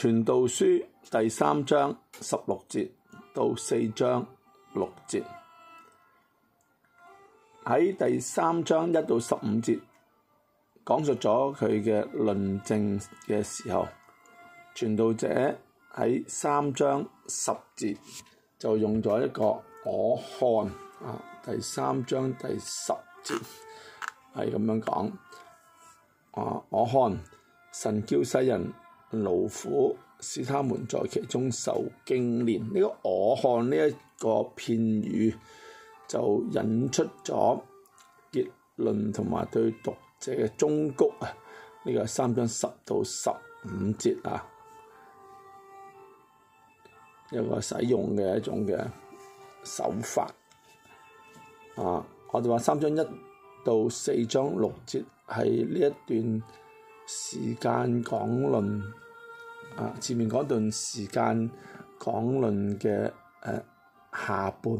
傳道書第三章十六節到四章六節，喺第三章一到十五節講述咗佢嘅論證嘅時候，傳道者喺三章十節就用咗一個我看啊，第三章第十節係咁樣講啊，我看神叫世人。勞苦使他們在其中受經練。呢、這個我看呢一個片語就引出咗結論同埋對讀者嘅忠告啊！呢、這個三章十到十五節啊，一個使用嘅一種嘅手法啊！我哋話三章一到四章六節係呢一段。時間講論啊，前面嗰段時間講論嘅下半，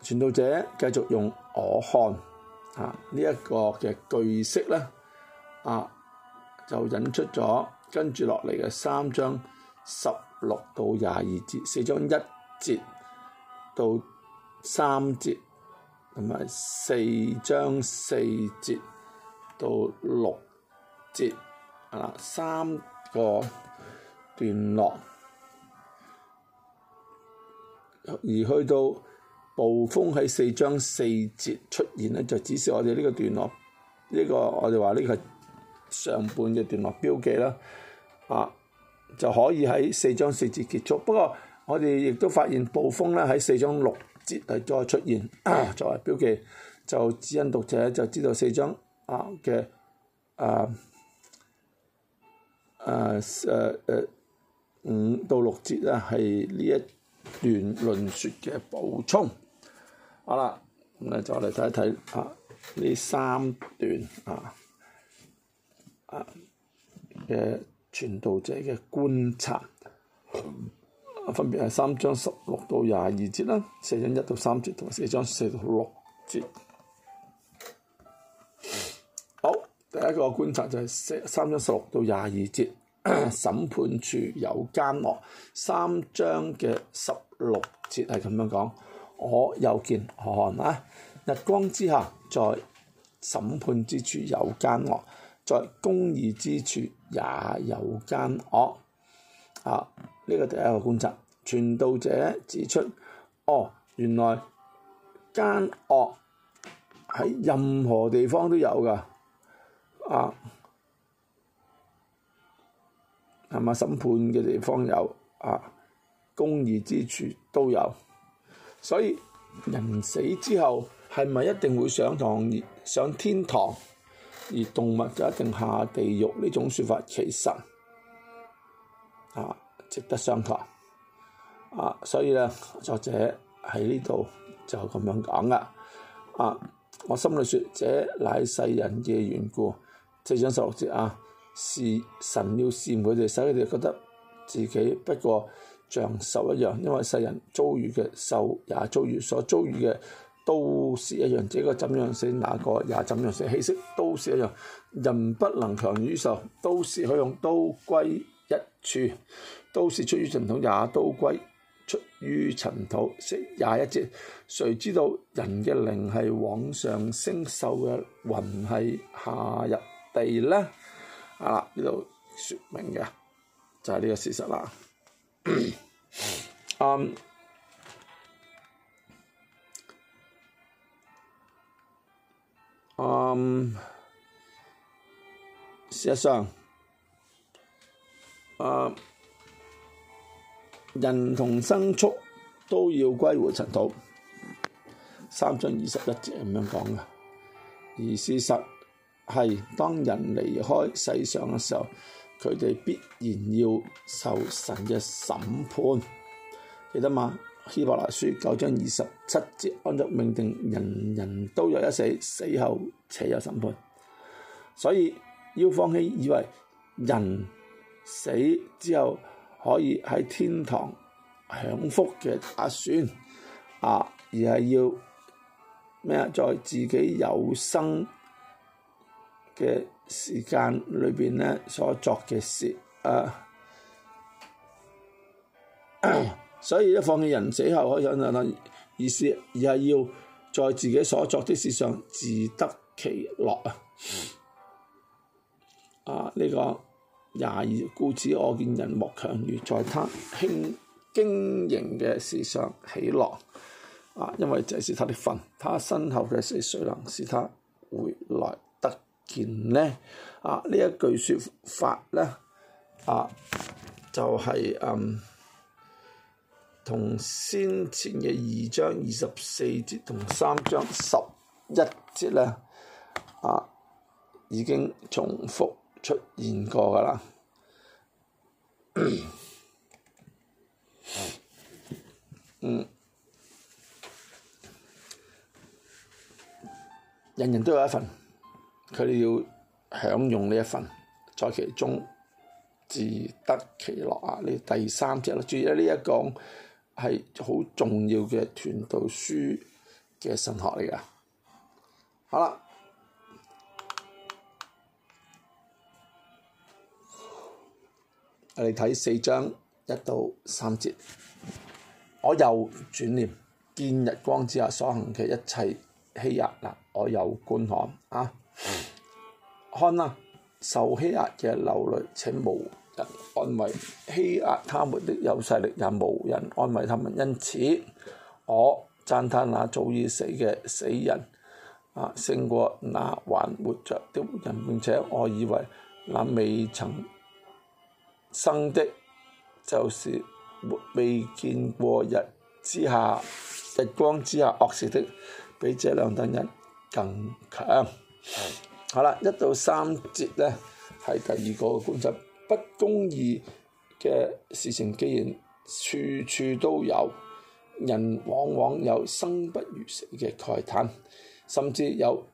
傳道者繼續用我看啊呢一個嘅句式咧啊，就引出咗跟住落嚟嘅三章十六到廿二節，四章一節到三節，同埋四章四節到六節。啊，三個段落，而去到暴風喺四章四節出現咧，就指示我哋呢個段落，呢、呢個我哋話呢個係上半嘅段落標記啦。啊，就可以喺四章四節結束。不過我哋亦都發現暴風咧喺四章六節係再出現、啊、作為標記，就指引讀者就知道四章啊嘅啊。啊啊、五到六節啦，係呢一段論説嘅補充。好啦，咁誒再嚟睇一睇啊，呢三段啊嘅、啊、傳道者嘅觀察，分別係三章十六到廿二節啦，四章一到三節同四章四到六節。好，第一個觀察就係三章十六到廿二節。 審判處有奸惡，三章嘅十六節係咁樣講，我又見，何啊？日光之下，在審判之處有奸惡，在公義之處也有奸惡。啊，呢個第一個觀察，傳道者指出，哦，原來奸惡喺任何地方都有㗎，啊。係嘛？審判嘅地方有啊，公義之處都有，所以人死之後係咪一定會上堂而上天堂，而動物就一定下地獄呢種説法其實啊，值得商榷。啊，所以咧，作者喺呢度就咁樣講啦。啊，我心裏説：這乃世人嘅緣故。即係三章十六節啊。是神要試驗佢哋，使，佢哋覺得自己不過像獸一樣，因為世人遭遇嘅獸也遭遇，所遭遇嘅都是一樣。這個怎樣死，那個也怎樣死，氣息都是一樣。人不能強於獸，都是可用都歸一處，都是出於塵土，也都歸出於塵土，色也一隻。誰知道人嘅靈係往上升，獸嘅魂係下入地呢？係啦，呢度説明嘅就係、是、呢個事實啦。嗯，事實上，啊、um, um，uh, 人同牲畜都要歸回塵土，三章二十一節咁樣講嘅，而事實。係當人離開世上嘅時候，佢哋必然要受神嘅審判，記得嘛？希伯來書九章二十七節按著定命，人人都有一死，死後且有審判。所以要放棄以為人死之後可以喺天堂享福嘅打算，啊，而係要咩啊？在自己有生嘅時間裏邊呢，所作嘅事啊， 所以一放棄人死後可以引人諗，而是而係要在自己所作的事上自得其樂啊！呢、這個廿二，故此，我見人莫強如在他輕經營嘅事上喜樂啊，因為這是他的份，他身後嘅事誰能使他回來。件呢，啊呢一句説法呢，啊就係、是、嗯同先前嘅二章二十四節同三章十一節呢，啊已經重複出現過噶啦， 嗯，人人都有一份。佢哋要享用呢一份，在其中自得其樂啊！呢第三隻咯，注意呢一個係好重要嘅《傳道書》嘅神學嚟噶。好啦，我哋睇四章一到三節。我又轉念見日光之下所行嘅一切欺壓嗱，我又觀看啊！看哪，受欺壓嘅流淚且無人安慰，欺壓他們的有勢力也無人安慰他們。因此，我讚歎那早已死嘅死人，啊，勝過那還活着的人。並且，我以為那未曾生的，就是未見過日之下日光之下惡事的，比這兩等人更強。好啦，一到三節呢，係第二個觀察，不公義嘅事情既然處處都有，人往往有生不如死嘅慨嘆，甚至有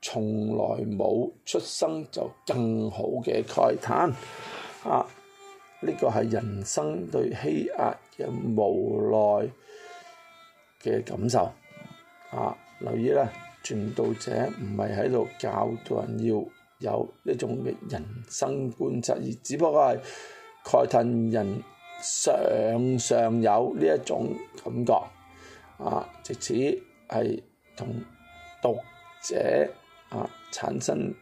從來冇出生就更好嘅慨嘆，啊！呢個係人生對欺壓嘅無奈嘅感受，啊！留意啦～傳道者唔係喺度教導人要有呢種嘅人生觀察，而只不過係慨嘆人常常有呢一種感覺，啊，藉此係同讀者啊產生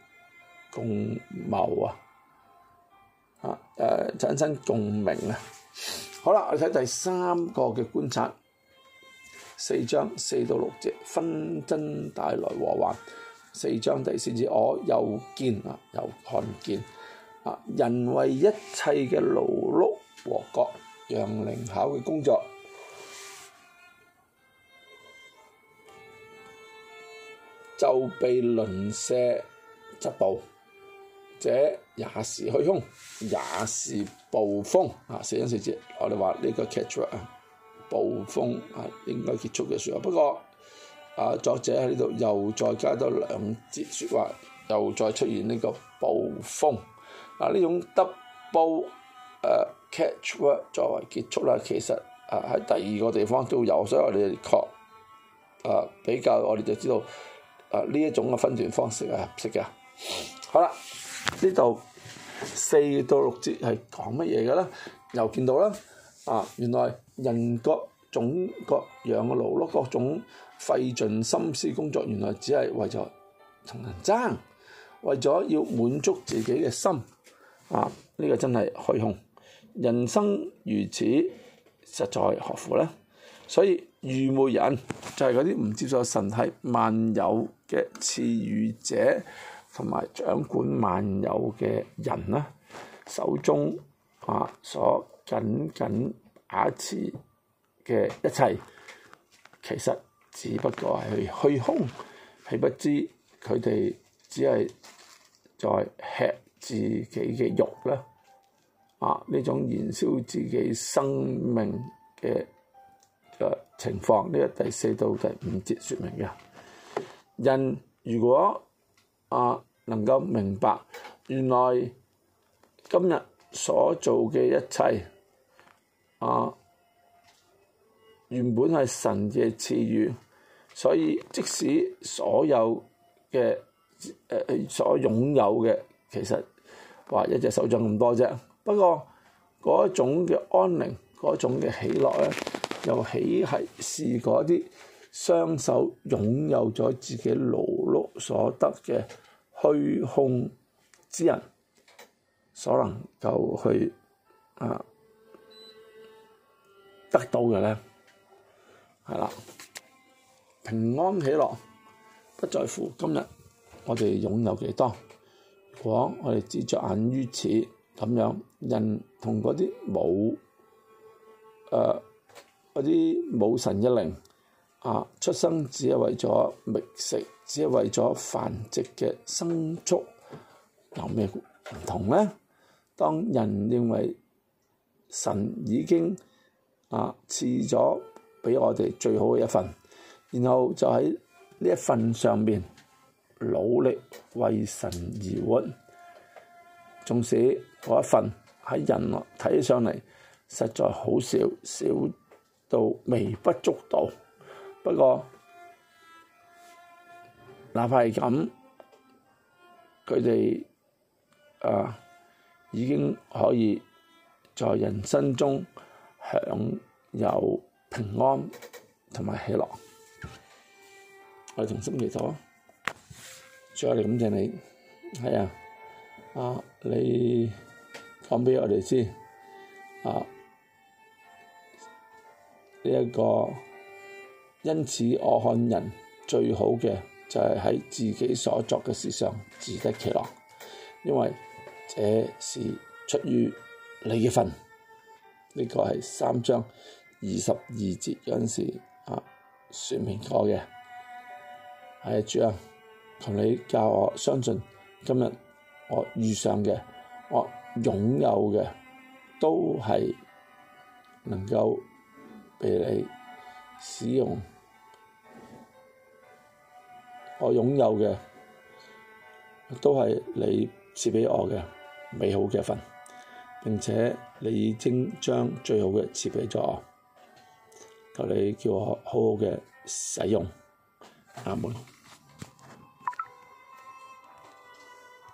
共謀啊，啊誒、呃、產生共鳴啊，好啦，我哋睇第三個嘅觀察。四章四到六節，紛爭帶來禍患。四章第四節，我、哦、又見啊，又看見啊，人為一切嘅勞碌和各樣靈巧嘅工作，就被鄰舍嫉妒，這也是虛空，也是捕風。啊，四章四節，我哋話呢個 catch work, 暴風啊，應該結束嘅説話。不過啊，作者喺呢度又再加多兩節説話，又再出現呢個暴風。啊，呢種 double 誒、啊、catchword 作為結束啦。其實啊，喺第二個地方都有，所以我哋確啊比較，我哋就知道啊呢一種嘅分段方式係合適嘅。好啦，呢度四到六節係講乜嘢嘅咧？又見到啦。啊！原來人各種各樣嘅勞碌、各種費盡心思工作，原來只係為咗同人爭，為咗要滿足自己嘅心。啊！呢、呢個真係虛空，人生如此，實在何苦呢？所以愚昧人就係嗰啲唔接受神係萬有嘅賜予者，同埋掌管萬有嘅人啦，手中啊所。僅僅假設嘅一切，其實只不過係虛空，豈不知佢哋只係在吃自己嘅肉啦。啊，呢種燃燒自己生命嘅情況，呢個第四到第五節説明嘅。人如果啊能夠明白，原來今日所做嘅一切，啊！原本係神嘅賜予，所以即使所有嘅誒、呃、所擁有嘅，其實話一隻手掌咁多啫。不過嗰種嘅安寧，嗰種嘅喜樂呢，又豈係是嗰啲雙手擁有咗自己勞碌所得嘅虛空之人所能夠去啊？得到嘅呢係啦，平安喜樂不在乎今日我哋擁有幾多，如果我哋只着眼於此咁樣。人同嗰啲冇誒啲冇神一靈啊，出生只係為咗覓食，只係為咗繁殖嘅牲畜，有咩唔同呢？當人認為神已經。啊！賜咗畀我哋最好嘅一份，然後就喺呢一份上面努力為神而活，縱使嗰一份喺人睇起上嚟，實在好少少到微不足道，不過哪怕係咁，佢哋啊已經可以在人生中。享有平安同埋喜樂，我哋重新嚟做，最後嚟感謝你，係啊，啊，你講畀我哋知，啊，呢、這、一個，因此我看人最好嘅就係、是、喺自己所作嘅事上自得其樂，因為這是出於你嘅份。呢個係三章二十二節嗰陣時啊，説明過嘅係主呀，同你教我相信，今日我遇上嘅，我擁有嘅，都係能夠畀你使用。我擁有嘅，都係你賜畀我嘅美好嘅一份，並且。你已經將最好嘅設備畀咗我，求你叫我好好嘅使用，阿門。